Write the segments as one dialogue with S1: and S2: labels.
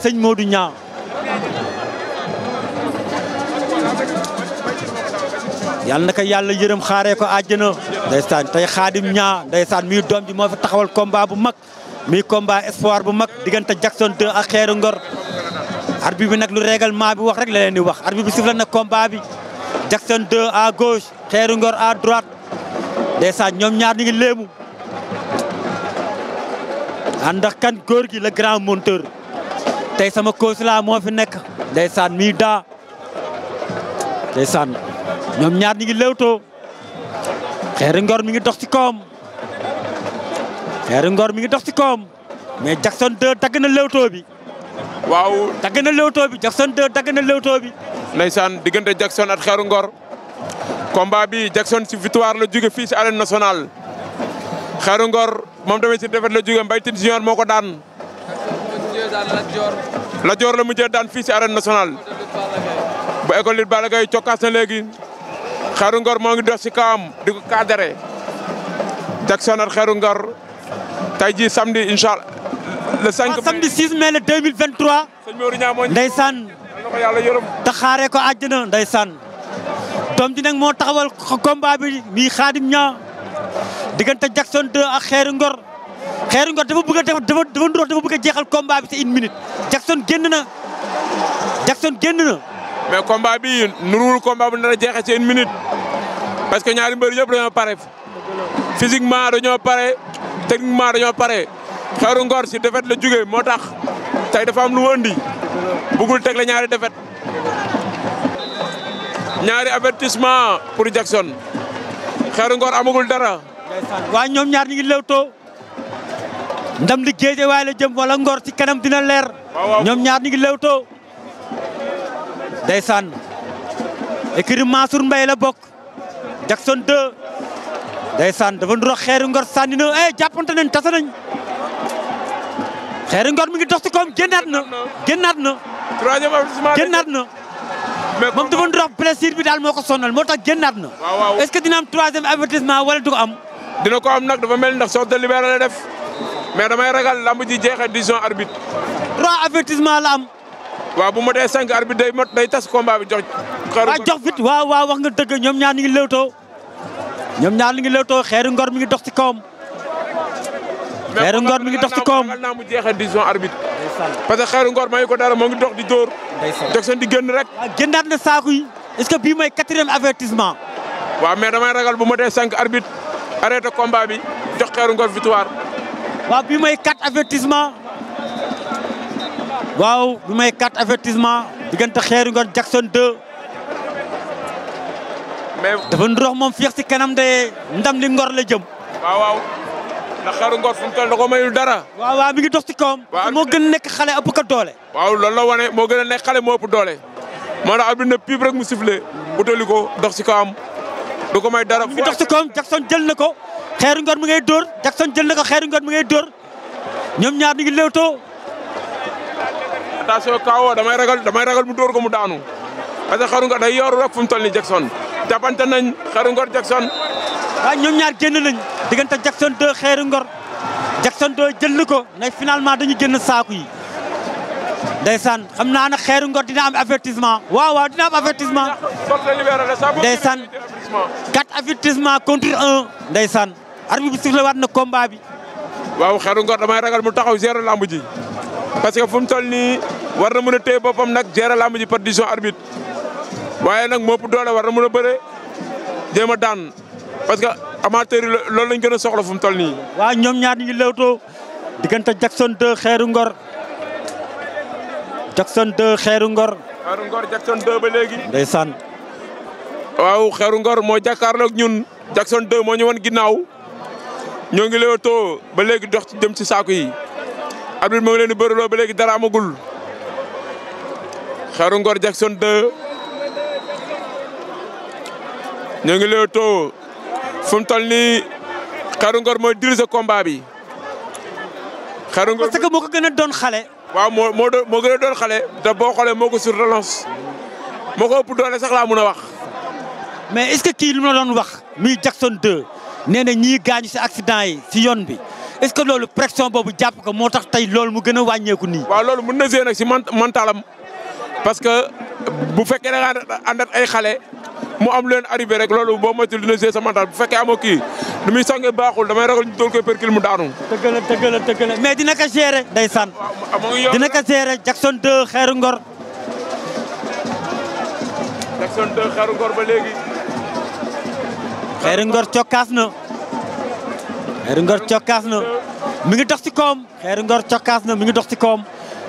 S1: sëñ moodu Niang yàlla na ko yàlla yërëm xaaree ko àjjana ndeysaan tey xaadim Niang ndeysaan mii doom ji moo fi taxawal combat bu mag mii combat espoir bu mag diggante Jackson 2 ak Xeeru Ngor arbitre bi nag lu règlement bi wax rek la leen di wax arbitre bi sifflé na combat bi Jackson 2 à gauche Xeeru Ngor à droite ndeysaan ñoom ñaar ñu ngi léemu kan góor gi le grand monteur tey sama consulat moo fi nekk ndeysaan mi daa ndeysaan ñoom ñaar ñi ngi lewtoo xeeri mi ngi dox ci koom xeeri ngor mi ngi dox ci koom
S2: mais Jackson 2 dagg lewtoo bi waaw dagg na lewtoo bi Jackson 2 dagg na lewtoo bi ndeysaan diggante Jackson ak xeeru ngor combat bi Jackson si victoire la jóge fii ci arène nationale xeeru ngor moom tamit ci la jóge Mbaye Tine moo ko daan
S1: Lat
S2: Dior la mujjee daan fii si arène bu école lit Balla Gaye na léegi. Xeeru Ngor moo ngi dox si kawam di ko cadré. Jackson Ngor tey jii samedi incha allah le 5 mai samedi 6 mai le 2023. sëñ Maodo Niamoy ndeysaan. ko yàlla yërëm
S1: te xaaree ko ji nag moo taxawal combat bi mi Xaadim ñaa diggante Jackson 2 ak Ngor. Xeeru Ngor dafa bëgg a dafa dafa
S2: nduróo dafa bëgg a jeexal combat bi ci une minute Jackson génn na Jackson génn na. mais combat bi nuruwul combat bu nar a jeexee ci une parce que ñaari mbër yëpp lañoo pare physiquement dañoo pare techniquement dañoo pare Xeeru Ngor si défaite la jógee moo tax tey dafa am lu andi bëggul teg ñaari défaite ñaari avertissement pour Jackson ngoor Ngor amagul dara. waa ñoom ñaar ñu ndam li Géejawaay
S1: la jëm wala Ngor ci kenam dina leer. ñoom ñaar ñu ngi lewtoo. ndeysaan écurie Mansour Mbaye la bokk Jackson 2 ndeysaan dafa nuroo xeeru Ngor sànni na eh jàppante nañ tasa nañ xeeru Ngor mi ngi dox ci koom génnaat na génnaat na. troisième avertissement génnaat na.
S2: mais moom dafa nuroo blessure bi daal moo ko sonal moo tax génnaat na. est-ce que dina am troisième avertissement wala du am. dina ko am nag dafa mel ndax sorte de libéré la def. mais damay ragal lamb ji jeexee décision arbitre. trois avertissement la am. waaw bu ma dee cinq arbitre day mot day tas combat bi jox. xaru jox fit waaw waaw wax nga dëgg ñoom ñaar ñu ngi lewtoo ñoom ñaar ñu ngi lewtoo xeeri ngor mi ngi dox ci kawam. xeeru ngor mi ngi dox ci kawam mais naa mu jeexee décision arbitre. parce que xeeru ngor mayu ko dara moo ngi dox di dóor. jox seen di génn rek. waaw génnaat na saako yi que bii mooy quatrième avertissement. waaw mais damay ragal bu ma dee cinq arbitre arrêté combat bi jox xeeru ngor victoire. waaw bi mooy quatre avertissement waaw bi mooy quatre avertissement Xeeru Ngor
S1: Jackson 2 mais dafa ndox moom fiix si kanam de
S2: ndam li Ngor la jëm waaw waaw Ngor mu toll da ko dara waaw waaw mi ngi dox ci kawam moo gën a nekk xale ëpp ko doole waaw loolu la wane moo gën a nekk xale moo ëpp doole moo tax abdina piib rek mu sifflé utali ko dox ci kawam du ko may dara mi ngi dox ci kawam Jackson jël na ko xeeru ngoon mi ngay door Jackson jël na ko xeeru ngoon mi ngay dóor ñoom ñaar ñu ngi léewtoo. attention kawo damay ragal damay ragal mu dóor ko mu daanu parce que xeeru ngoon day yor rek fu mu toll nii Jackson jàppante nañ xeeru ngoon Jackson. waaw ñoom ñaar génn nañ diggante Jackson 2 xeeru ngor Jackson 2 jël na ko mais
S1: finalement dañu génn saako yi. ndeysaan xam naa ne xeeru ngor dina am avertissement waaw waaw dina am avertissement ndeysaan quatre avertissement contre
S2: un arbitre bi sifflé waat na combat bi. waaw xeeru ngor damay ragal mu taxaw gérer lamb ji parce que fu mu toll nii war na mën a téye boppam nag gérer lamb ji par décision arbitre waaye nag mopp doole war na mën a bëre jéem a daan parce que amateur yi loolu lañ gën a soxla fu mu toll nii. ñoom ñaar ñu ngi lewtoo diggante Jackson
S1: 2 xeeru ngor Jackson 2 xeeru ngor.
S2: xeeru ngor Jackson 2 léegi. ndeysaan. xeeru ngor moo jàkkaarloog ñun Jackson 2 moo ñu wan ñoo ngi léewtoo ba léegi dox ci jëm ci saako yi arbitre moo ngi leen di bëraloo ba léegi dara amagul Xeeru Ngor Jackson 2 ñoo ngi léewtoo fu mu toll nii Xeeru mooy diriger combat bi. Xeeru Ngor parce moo gën a doon xale. waaw moo gën a doon xale. te boo xoolee moo ko sur relance moo ko ëpp doole sax laa mun a wax. mais est kii lu ma doon wax mi Jackson
S1: 2. nee na ñii gaañu si accident yi si yoon bi est-ce que loolu pression boobu jàpp ko moo tax
S2: tey lool mu gën a wàññeeku ni waa loolu mën na see nag si mentalam parce que bu fekkee da nga ànd ay xale mu am leen arrivé rek loolu boo moytuwul dina see sa mental bu fekkee amoo kii nu muy sàngee baaxul damay ragal ñu doon koy percule mu daanu. dëgg la dëgg la
S1: dëgg la mais dina ko gérer. day sànn dina ko gérer Jackson 2 xeeru ngor.
S2: Jackson 2 xeeru ngor ba léegi.
S1: Xeeru Ngor cokkaas na Xeeru Ngor cokkaas na mi ngi dox ci koom Xeeru Ngor cokkaas na mi ngi dox ci koom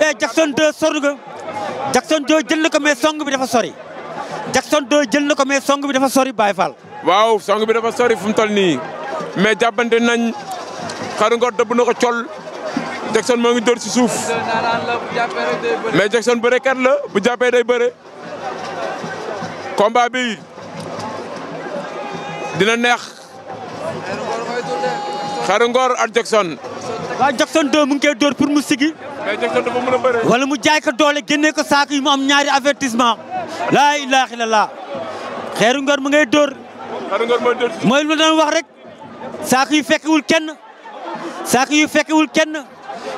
S1: e Jackson 2 sori nga Jackson 2 jël na ko mais song bi dafa
S2: sori Jackson 2 jël na ko mais song bi dafa sori Baye fal waaw song bi dafa sori fu mu toll nii mais jàppante nañ Xeeru Ngor dëbb na ko col Jackson moo ngi dóor ci suuf mais Jackson bërekat la bu jàppee day bëre combat bi. dina neex xeeru ngoor ak Jackson. waaw Jackson 2 mu ngi koy door
S1: pour mu sigi. mais mu jaay ko doole génnee ko saako yi mu am ñaari avertissement. laa ilaaha illallaah xeeru mu ngay door xeeru ngoor mooy dóor wax rek. saako yu fekkiwul kenn saako yu fekkiwul kenn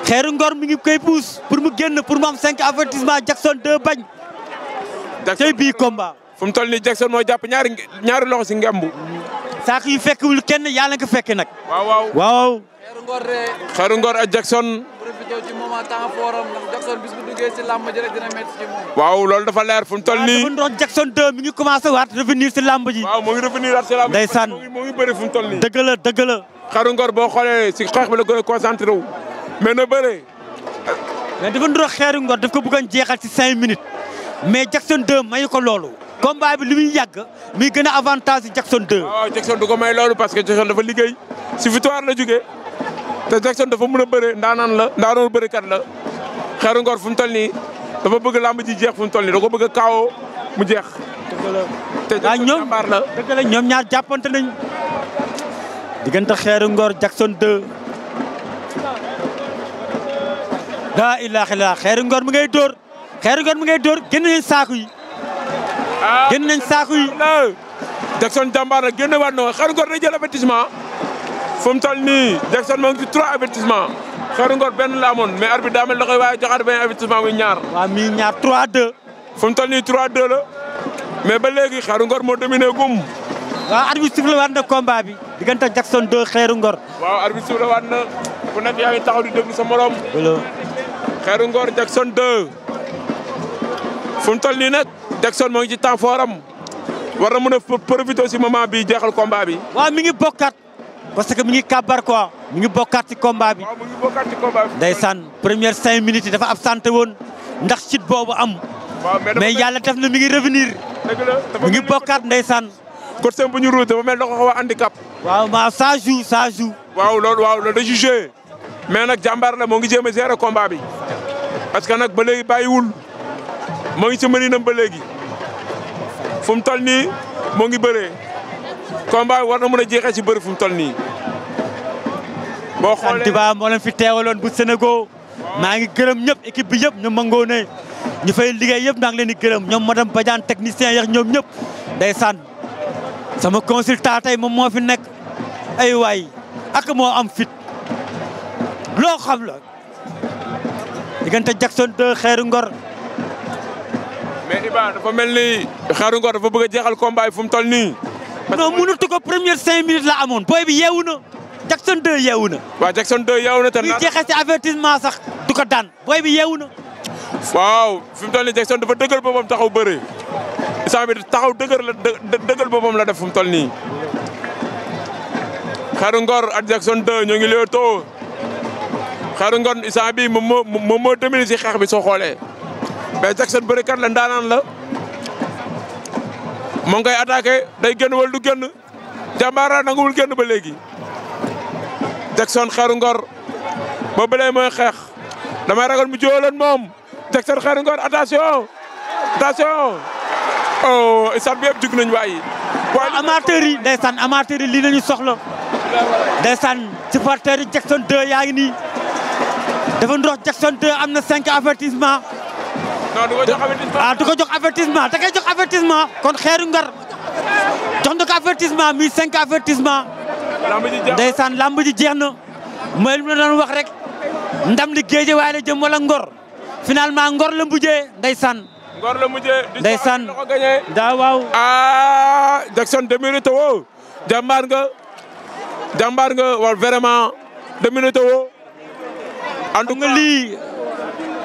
S1: xeeru
S2: ngoor mi ngi koy puus pour mu génn pour mu am 5 avertissement Jackson 2 bañ. Jackson bii combat. fu mu tol nii Jackson moo jàpp ñaari ñaari loxo si ngembu. saako yu fekkul kenn yàlla nga ko fekke nag. waaw waaw waaw. xeeru ngor a xeeru ngor ak Jackson.
S1: profité ci moment temps rek dina métti ci moom.
S2: waaw loolu dafa leer fu mu toll nii. waaw dafa Jackson 2 mi ngi commencé waat revenir ci làmb ji. waaw mu ngi revenir waat ci làmb ji. ndeysaan mu ngi bëri fu mu la dëgg la. xeeru ngor boo xoolee ci xeex bi la gën a concentré wu. mais na bëree. mais dafa ndoroog xeeru ngor daf ko jeexal ci 5 minutes mais Jackson 2 mayu ko loolu. combat bi li muy yàgg muy gën a avantage si Jackson 2. Ah, Jackson du ko may loolu parce que Jackson dafa liggéey si victoire la jógee te Jackson dafa mën a bëre ndaanaan la ndaanoon bërikat la xeeru ngor fu mu toll dafa bëgg làmb ji jeex fu mu toll nii da ko bëgg a mu jeex. te ah, Jackson jàmbaar la dëgg la ñoom ñaar jàppante nañ
S1: diggante xeeru ngor Jackson 2. daa ilaaha ngor mu ngay dóor xeeru ngor mu ngay dóor génn saako yi.
S2: génn nañ saako yi. Jackson jàmbaar nag génn waat na Xaru Ngor day jël avertissement fu mu toll Jackson moo ngi ci trois avertissement Xaru Ngor benn la amoon mais arbitre da koy waaye joxaat benn avertissement muy ñaar. waaw muy ñaar 3-2. fu mu toll nii 3 la mais ba léegi Xaru Ngor moo dominé gum. waaw arbitre waat na combat bi diggante Jackson 2 Xeeru Ngor. waaw arbitre sifflé waat na ku nekk yaa di déglu sa morom. Xeeru Ngor Jackson 2 fu mu nag. Jackson moo ngi ci temps fort am war na mën a profiter aussi moment bi jeexal combat bi. waaw mi ngi bokkaat parce que mi ngi kàbbar quoi. mi ngi bokkaat ci combat bi. waaw mi ngi bokkaat ci combat bi. ndeysaan
S1: première cinq minutes dafa absenté woon ndax sit boobu am. mais yàlla def na mi
S2: ngi revenir. mi ngi bokkaat ndeysaan. côté bu ñu ruus dafa mel ne dafa xaw a handicap. waaw maa ça joue ça waaw loolu da jugé mais nag jàmbaar la moo ngi jéem a gérer bi parce que nag ba léegi bàyyiwul moo ngi ci mëninam ba léegi. fu mu toll nii moo ngi bëree combat war na mën a jeexee ci bëri fu tol toll nii. boo xoolee Tuba moo leen fi teewaloon bu Sénégal
S1: maa ngi gërëm ñëpp équipe bi yëpp ñoom mangoo ne ñu fay liggéey yëpp maa ngi leen di gërëm ñoom madame Badiane technicien yeex ñoom ñëpp day sànn sama consultant moom moo fi nekk ay waay ak moo am fit loo xam la diggante Jackson 2 xeeru ngor
S2: mais Iba dafa mel ni. Xaaru Ngor dafa bëgg jeexal combat yi fu mu toll nii. non mënatu ko première la amoon booy bi yeewu na Jackson 2 yeewu na. waaw Jackson 2 yeewu na te naan jeexee
S1: si avertissement sax
S2: du ko daan booy bi yeewu na. waaw fi mu toll nii Jackson dafa dëgër boppam taxaw bëre instant bi taxaw dëgër la dëgër boppam la def fu mu toll nii. Ngor ak Jackson 2 ñoo ngi lay too Xaaru Ngor instant bii moom moo moo demee si xeex bi soo xoolee. Mbaye Jackson bërikat la ndaanaan la mu ngi koy day génn wala du génn jàmbaara nanguwul génn ba léegi. Jackson xeeru ngor ba bële mooy xeex damay ragal mu jóoleen moom Jackson xeeru ngor attention attention. oh isaan bi yëpp jug nañu waay. waaw yi ndeysaan amateur yi lii nañu
S1: soxla. ndeysaan supporter yi Jackson 2 yaa ngi nii. dafa ndox Jackson 2 am na 5 avertissement. non du ko jox avertissement ah du ko jox avertissement kon xeeru ngar jox na ko avertissement muy cinq avertissement. lamb ji jeex na ndeysaan lu na mooy wax rek ndam li géeje waaye la jëm wala ngor finalement ngor la mujjee ndeysaan. ngor la mujjee.
S2: ndeysaan la ko gañee daa waaw. ah Jackson demirite woo jàmbaar nga jàmbaar nga war vraiment demirite woo. ànd nga lii.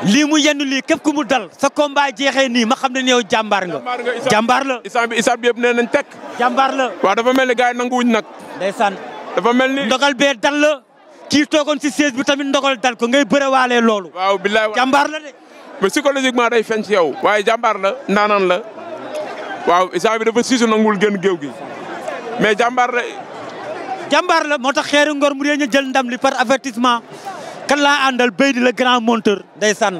S2: lii mu yenn lii képp ku mu dal sa combat jeexee nii ma xam ne yow jàmbaar nga. jàmbaar la isaan bi isaan bi yëpp nee nañ teg. jàmbaar la waaw dafa mel ni gars yi nanguwuñ nag. ndeysaan. dafa mel ni ndogal bee dal la kii toogoon si siège bi tamit ndogal dal ko ngay bëreewaalee loolu. waaw billaay jàmbaar la de. mais psychologiquement day feeñ si yow. waaye jàmbaar la ndaanaan la waaw isaan bi dafa siisu nanguwul gën géew gi mais jàmbaar la. jàmbaar moo tax xeeru ngor mu réer ñu jël ndam li kan laa àndal béy di la
S1: grand monteur day sànn